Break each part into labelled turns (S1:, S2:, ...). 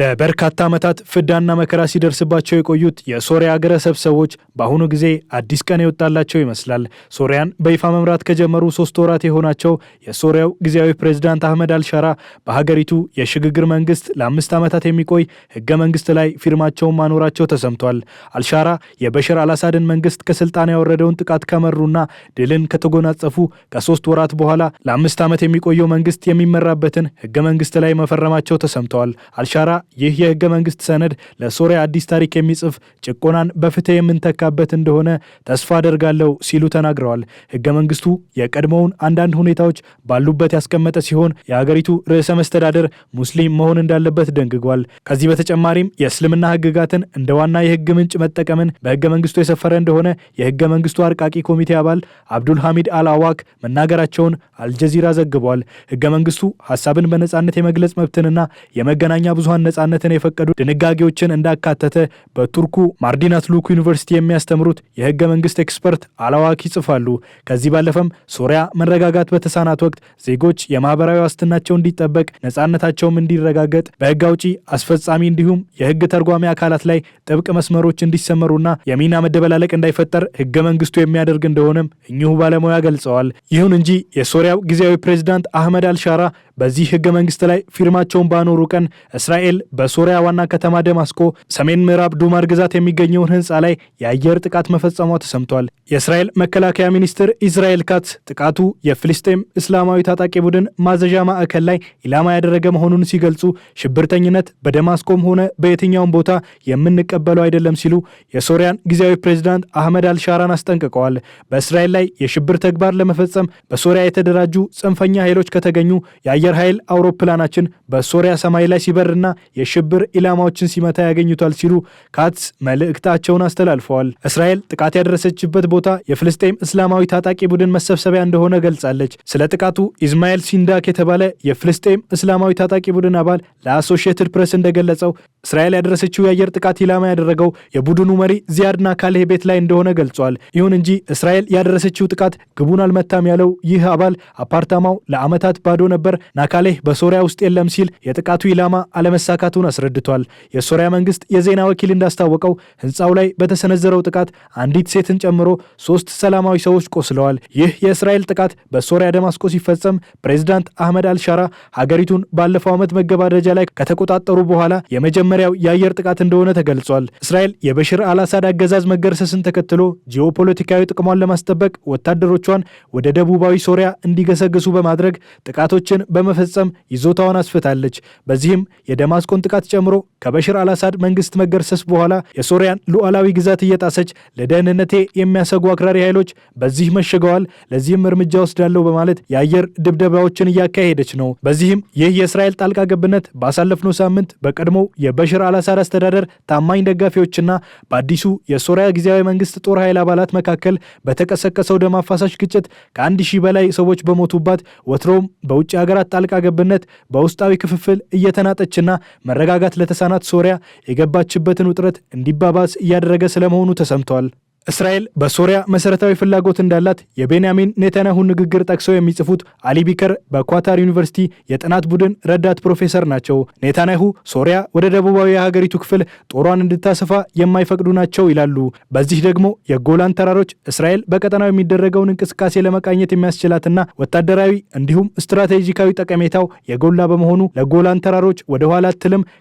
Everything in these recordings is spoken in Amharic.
S1: ለበርካታ ዓመታት ፍዳና መከራ ሲደርስባቸው የቆዩት የሶሪያ አገረ ሰብ ሰዎች በአሁኑ ጊዜ አዲስ ቀን የወጣላቸው ይመስላል። ሶሪያን በይፋ መምራት ከጀመሩ ሶስት ወራት የሆናቸው የሶሪያው ጊዜያዊ ፕሬዝዳንት አህመድ አልሻራ በሀገሪቱ የሽግግር መንግስት ለአምስት ዓመታት የሚቆይ ህገ መንግስት ላይ ፊርማቸውን ማኖራቸው ተሰምቷል። አልሻራ የበሽር አልአሳድን መንግስት ከስልጣን ያወረደውን ጥቃት ከመሩና ድልን ከተጎናጸፉ ከሶስት ወራት በኋላ ለአምስት ዓመት የሚቆየው መንግስት የሚመራበትን ህገ መንግስት ላይ መፈረማቸው ተሰምተዋል። አልሻራ ይህ የህገ መንግስት ሰነድ ለሶሪያ አዲስ ታሪክ የሚጽፍ ጭቆናን በፍትህ የምንተካበት እንደሆነ ተስፋ አደርጋለሁ ሲሉ ተናግረዋል። ህገ መንግስቱ የቀድሞውን አንዳንድ ሁኔታዎች ባሉበት ያስቀመጠ ሲሆን የሀገሪቱ ርዕሰ መስተዳደር ሙስሊም መሆን እንዳለበት ደንግጓል። ከዚህ በተጨማሪም የእስልምና ህግጋትን እንደ ዋና የህግ ምንጭ መጠቀምን በህገ መንግስቱ የሰፈረ እንደሆነ የህገ መንግስቱ አርቃቂ ኮሚቴ አባል አብዱል ሐሚድ አልአዋክ መናገራቸውን አልጀዚራ ዘግቧል። ህገ መንግስቱ ሀሳብን በነጻነት የመግለጽ መብትንና የመገናኛ ብዙሀን ነጻነትን የፈቀዱ ድንጋጌዎችን እንዳካተተ በቱርኩ ማርዲናት ሉክ ዩኒቨርሲቲ የሚያስተምሩት የህገ መንግስት ኤክስፐርት አላዋክ ይጽፋሉ። ከዚህ ባለፈም ሶሪያ መረጋጋት በተሳናት ወቅት ዜጎች የማህበራዊ ዋስትናቸው እንዲጠበቅ ነጻነታቸውም እንዲረጋገጥ በህግ አውጪ አስፈጻሚ፣ እንዲሁም የህግ ተርጓሚ አካላት ላይ ጥብቅ መስመሮች እንዲሰመሩና የሚና መደበላለቅ እንዳይፈጠር ህገ መንግስቱ የሚያደርግ እንደሆነም እኚሁ ባለሙያ ገልጸዋል። ይሁን እንጂ የሶሪያው ጊዜያዊ ፕሬዚዳንት አህመድ አልሻራ በዚህ ህገ መንግስት ላይ ፊርማቸውን ባኖሩ ቀን እስራኤል በሶሪያ ዋና ከተማ ደማስቆ ሰሜን ምዕራብ ዱማር ግዛት የሚገኘውን ህንፃ ላይ የአየር ጥቃት መፈጸሟ ተሰምቷል። የእስራኤል መከላከያ ሚኒስትር ኢዝራኤል ካት ጥቃቱ የፍልስጤም እስላማዊ ታጣቂ ቡድን ማዘዣ ማዕከል ላይ ኢላማ ያደረገ መሆኑን ሲገልጹ ሽብርተኝነት በደማስቆም ሆነ በየትኛውም ቦታ የምንቀበለው አይደለም ሲሉ የሶሪያን ጊዜያዊ ፕሬዚዳንት አህመድ አልሻራን አስጠንቅቀዋል። በእስራኤል ላይ የሽብር ተግባር ለመፈጸም በሶሪያ የተደራጁ ጽንፈኛ ኃይሎች ከተገኙ የአየር ኃይል አውሮፕላናችን በሶሪያ ሰማይ ላይ ሲበርና የሽብር ኢላማዎችን ሲመታ ያገኙታል ሲሉ ካትስ መልእክታቸውን አስተላልፈዋል። እስራኤል ጥቃት ያደረሰችበት ቦታ የፍልስጤም እስላማዊ ታጣቂ ቡድን መሰብሰቢያ እንደሆነ ገልጻለች። ስለ ጥቃቱ ኢዝማኤል ሲንዳክ የተባለ የፍልስጤም እስላማዊ ታጣቂ ቡድን አባል ለአሶሺየትድ ፕሬስ እንደገለጸው እስራኤል ያደረሰችው የአየር ጥቃት ኢላማ ያደረገው የቡድኑ መሪ ዚያድና ካሌህ ቤት ላይ እንደሆነ ገልጿል። ይሁን እንጂ እስራኤል ያደረሰችው ጥቃት ግቡን አልመታም ያለው ይህ አባል አፓርታማው ለዓመታት ባዶ ነበር፣ ናካሌህ በሶሪያ ውስጥ የለም ሲል የጥቃቱ ኢላማ አለመሳካት መመካቱን አስረድቷል። የሶሪያ መንግስት የዜና ወኪል እንዳስታወቀው ህንፃው ላይ በተሰነዘረው ጥቃት አንዲት ሴትን ጨምሮ ሶስት ሰላማዊ ሰዎች ቆስለዋል። ይህ የእስራኤል ጥቃት በሶሪያ ደማስቆ ሲፈጸም ፕሬዚዳንት አህመድ አልሻራ ሀገሪቱን ባለፈው ዓመት መገባደጃ ላይ ከተቆጣጠሩ በኋላ የመጀመሪያው የአየር ጥቃት እንደሆነ ተገልጿል። እስራኤል የበሽር አልአሳድ አገዛዝ መገርሰስን ተከትሎ ጂኦፖለቲካዊ ጥቅሟን ለማስጠበቅ ወታደሮቿን ወደ ደቡባዊ ሶሪያ እንዲገሰግሱ በማድረግ ጥቃቶችን በመፈጸም ይዞታዋን አስፍታለች። በዚህም የደማስቆ የአሜሪካውን ጥቃት ጨምሮ ከበሽር አልአሳድ መንግስት መገርሰስ በኋላ የሶሪያን ሉዓላዊ ግዛት እየጣሰች ለደህንነቴ የሚያሰጉ አክራሪ ኃይሎች በዚህ መሽገዋል፣ ለዚህም እርምጃ ወስዳለሁ በማለት የአየር ድብደባዎችን እያካሄደች ነው። በዚህም ይህ የእስራኤል ጣልቃ ገብነት ባሳለፍነው ሳምንት በቀድሞ የበሽር አልአሳድ አስተዳደር ታማኝ ደጋፊዎችና በአዲሱ የሶሪያ ጊዜያዊ መንግስት ጦር ኃይል አባላት መካከል በተቀሰቀሰው ደም አፋሳሽ ግጭት ከአንድ ሺህ በላይ ሰዎች በሞቱባት ወትሮም በውጭ ሀገራት ጣልቃ ገብነት በውስጣዊ ክፍፍል እየተናጠችና መረጋጋት ለተሳናት ሶሪያ የገባችበትን ውጥረት እንዲባባስ እያደረገ ስለመሆኑ ተሰምቷል። እስራኤል በሶሪያ መሰረታዊ ፍላጎት እንዳላት የቤንያሚን ኔታንያሁ ንግግር ጠቅሰው የሚጽፉት አሊ ቢከር በኳታር ዩኒቨርሲቲ የጥናት ቡድን ረዳት ፕሮፌሰር ናቸው። ኔታንያሁ ሶሪያ ወደ ደቡባዊ የሀገሪቱ ክፍል ጦሯን እንድታሰፋ የማይፈቅዱ ናቸው ይላሉ። በዚህ ደግሞ የጎላን ተራሮች እስራኤል በቀጠናው የሚደረገውን እንቅስቃሴ ለመቃኘት የሚያስችላትና ወታደራዊ እንዲሁም ስትራቴጂካዊ ጠቀሜታው የጎላ በመሆኑ ለጎላን ተራሮች ወደ ኋላ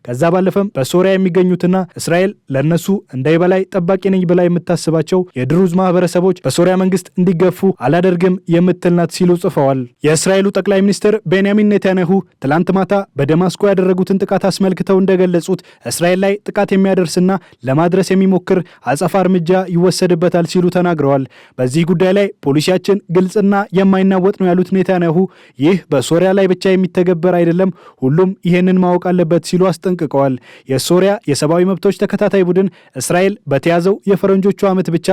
S1: ከዛ ባለፈም በሶሪያ የሚገኙትና እስራኤል ለእነሱ እንዳይበላይ ጠባቂ ነኝ ብላ የምታስባቸው ያላቸው የድሩዝ ማህበረሰቦች በሶሪያ መንግስት እንዲገፉ አላደርግም የምትል ናት ሲሉ ጽፈዋል። የእስራኤሉ ጠቅላይ ሚኒስትር ቤንያሚን ኔታንያሁ ትላንት ማታ በደማስቆ ያደረጉትን ጥቃት አስመልክተው እንደገለጹት እስራኤል ላይ ጥቃት የሚያደርስና ለማድረስ የሚሞክር አጸፋ እርምጃ ይወሰድበታል ሲሉ ተናግረዋል። በዚህ ጉዳይ ላይ ፖሊሲያችን ግልጽና የማይናወጥ ነው ያሉት ኔታንያሁ ይህ በሶሪያ ላይ ብቻ የሚተገበር አይደለም፣ ሁሉም ይህንን ማወቅ አለበት ሲሉ አስጠንቅቀዋል። የሶሪያ የሰብአዊ መብቶች ተከታታይ ቡድን እስራኤል በተያዘው የፈረንጆቹ ዓመት ብቻ ብቻ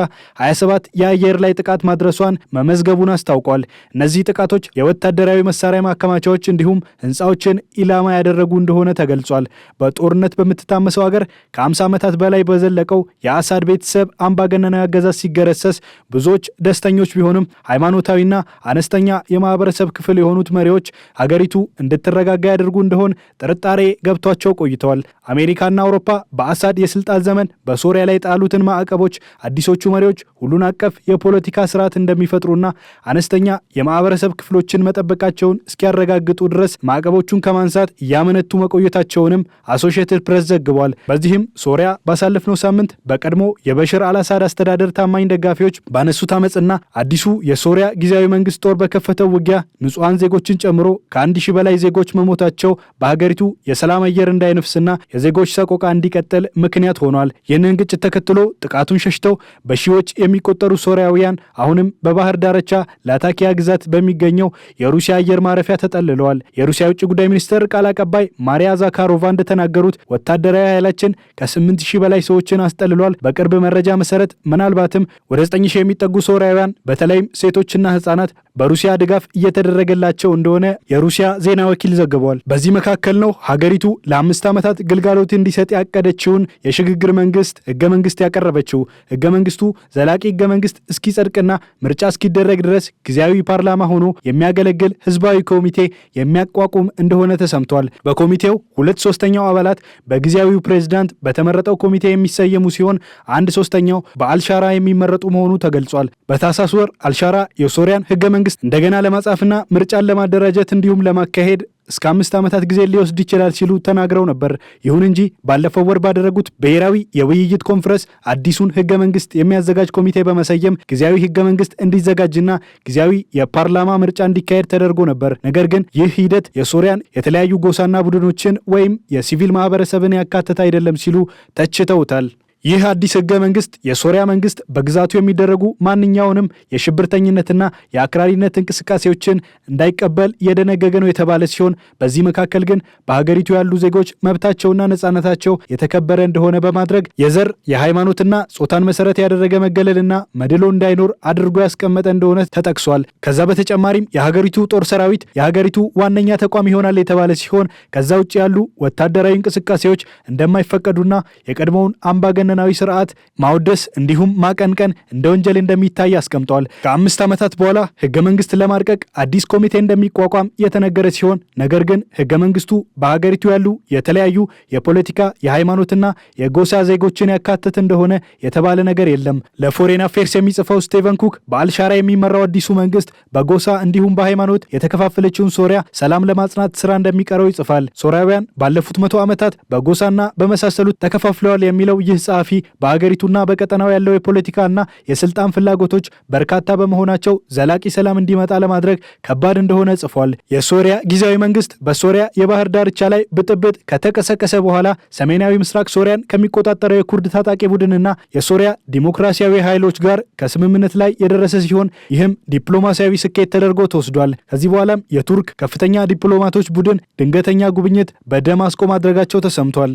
S1: 27 የአየር ላይ ጥቃት ማድረሷን መመዝገቡን አስታውቋል። እነዚህ ጥቃቶች የወታደራዊ መሳሪያ ማከማቻዎች እንዲሁም ህንፃዎችን ኢላማ ያደረጉ እንደሆነ ተገልጿል። በጦርነት በምትታመሰው ሀገር ከ50 ዓመታት በላይ በዘለቀው የአሳድ ቤተሰብ አምባገነናዊ አገዛዝ ሲገረሰስ ብዙዎች ደስተኞች ቢሆንም ሃይማኖታዊና አነስተኛ የማህበረሰብ ክፍል የሆኑት መሪዎች አገሪቱ እንድትረጋጋ ያደርጉ እንደሆን ጥርጣሬ ገብቷቸው ቆይተዋል። አሜሪካና አውሮፓ በአሳድ የስልጣን ዘመን በሶሪያ ላይ ጣሉትን ማዕቀቦች አዲሶቹ የፓርቲዎቹ መሪዎች ሁሉን አቀፍ የፖለቲካ ስርዓት እንደሚፈጥሩና አነስተኛ የማህበረሰብ ክፍሎችን መጠበቃቸውን እስኪያረጋግጡ ድረስ ማዕቀቦቹን ከማንሳት እያመነቱ መቆየታቸውንም አሶሽትድ ፕሬስ ዘግቧል። በዚህም ሶሪያ ባሳለፍነው ሳምንት በቀድሞ የበሽር አላሳድ አስተዳደር ታማኝ ደጋፊዎች ባነሱት አመፅና አዲሱ የሶሪያ ጊዜያዊ መንግስት ጦር በከፈተው ውጊያ ንጹሐን ዜጎችን ጨምሮ ከአንድ ሺህ በላይ ዜጎች መሞታቸው በሀገሪቱ የሰላም አየር እንዳይነፍስና የዜጎች ሰቆቃ እንዲቀጥል ምክንያት ሆኗል። ይህንን ግጭት ተከትሎ ጥቃቱን ሸሽተው በሺዎች የሚቆጠሩ ሶሪያውያን አሁንም በባህር ዳርቻ ላታኪያ ግዛት በሚገኘው የሩሲያ አየር ማረፊያ ተጠልለዋል። የሩሲያ የውጭ ጉዳይ ሚኒስቴር ቃል አቀባይ ማሪያ ዛካሮቫ እንደተናገሩት ወታደራዊ ኃይላችን ከ8 በላይ ሰዎችን አስጠልሏል። በቅርብ መረጃ መሰረት ምናልባትም ወደ 9 የሚጠጉ ሶሪያውያን በተለይም ሴቶችና ህጻናት በሩሲያ ድጋፍ እየተደረገላቸው እንደሆነ የሩሲያ ዜና ወኪል ዘግቧል። በዚህ መካከል ነው ሀገሪቱ ለአምስት ዓመታት ግልጋሎት እንዲሰጥ ያቀደችውን የሽግግር መንግስት ህገ መንግስት ያቀረበችው ህገ መንግስቱ መንግስቱ ዘላቂ ህገ መንግስት እስኪጸድቅና ምርጫ እስኪደረግ ድረስ ጊዜያዊ ፓርላማ ሆኖ የሚያገለግል ህዝባዊ ኮሚቴ የሚያቋቁም እንደሆነ ተሰምቷል። በኮሚቴው ሁለት ሶስተኛው አባላት በጊዜያዊው ፕሬዝዳንት በተመረጠው ኮሚቴ የሚሰየሙ ሲሆን አንድ ሶስተኛው በአልሻራ የሚመረጡ መሆኑ ተገልጿል። በታሳስ ወር አልሻራ የሶሪያን ህገ መንግስት እንደገና ለማጻፍና ምርጫን ለማደራጀት እንዲሁም ለማካሄድ እስከ አምስት ዓመታት ጊዜ ሊወስድ ይችላል ሲሉ ተናግረው ነበር። ይሁን እንጂ ባለፈው ወር ባደረጉት ብሔራዊ የውይይት ኮንፈረንስ አዲሱን ህገ መንግስት የሚያዘጋጅ ኮሚቴ በመሰየም ጊዜያዊ ህገ መንግስት እንዲዘጋጅና ጊዜያዊ የፓርላማ ምርጫ እንዲካሄድ ተደርጎ ነበር። ነገር ግን ይህ ሂደት የሶሪያን የተለያዩ ጎሳና ቡድኖችን ወይም የሲቪል ማህበረሰብን ያካተተ አይደለም ሲሉ ተችተውታል። ይህ አዲስ ህገ መንግስት የሶሪያ መንግስት በግዛቱ የሚደረጉ ማንኛውንም የሽብርተኝነትና የአክራሪነት እንቅስቃሴዎችን እንዳይቀበል የደነገገ ነው የተባለ ሲሆን በዚህ መካከል ግን በሀገሪቱ ያሉ ዜጎች መብታቸውና ነጻነታቸው የተከበረ እንደሆነ በማድረግ የዘር የሃይማኖትና ጾታን መሰረት ያደረገ መገለልና መድሎ እንዳይኖር አድርጎ ያስቀመጠ እንደሆነ ተጠቅሷል። ከዛ በተጨማሪም የሀገሪቱ ጦር ሰራዊት የሀገሪቱ ዋነኛ ተቋም ይሆናል የተባለ ሲሆን ከዛ ውጭ ያሉ ወታደራዊ እንቅስቃሴዎች እንደማይፈቀዱና የቀድሞውን አምባገነ አምባገነናዊ ስርዓት ማወደስ እንዲሁም ማቀንቀን እንደ ወንጀል እንደሚታይ አስቀምጧል። ከአምስት ዓመታት በኋላ ህገ መንግስት ለማርቀቅ አዲስ ኮሚቴ እንደሚቋቋም የተነገረ ሲሆን ነገር ግን ህገ መንግስቱ በሀገሪቱ ያሉ የተለያዩ የፖለቲካ የሃይማኖትና የጎሳ ዜጎችን ያካትት እንደሆነ የተባለ ነገር የለም። ለፎሬን አፌርስ የሚጽፈው ስቴቨን ኩክ በአልሻራ የሚመራው አዲሱ መንግስት በጎሳ እንዲሁም በሃይማኖት የተከፋፈለችውን ሶሪያ ሰላም ለማጽናት ስራ እንደሚቀረው ይጽፋል። ሶሪያውያን ባለፉት መቶ ዓመታት በጎሳና በመሳሰሉት ተከፋፍለዋል የሚለው ይህ ጸሐፊ በሀገሪቱና በቀጠናው ያለው የፖለቲካና የስልጣን ፍላጎቶች በርካታ በመሆናቸው ዘላቂ ሰላም እንዲመጣ ለማድረግ ከባድ እንደሆነ ጽፏል። የሶሪያ ጊዜያዊ መንግስት በሶሪያ የባህር ዳርቻ ላይ ብጥብጥ ከተቀሰቀሰ በኋላ ሰሜናዊ ምስራቅ ሶሪያን ከሚቆጣጠረው የኩርድ ታጣቂ ቡድንና የሶሪያ ዲሞክራሲያዊ ኃይሎች ጋር ከስምምነት ላይ የደረሰ ሲሆን ይህም ዲፕሎማሲያዊ ስኬት ተደርጎ ተወስዷል። ከዚህ በኋላም የቱርክ ከፍተኛ ዲፕሎማቶች ቡድን ድንገተኛ ጉብኝት በደማስቆ ማድረጋቸው ተሰምቷል።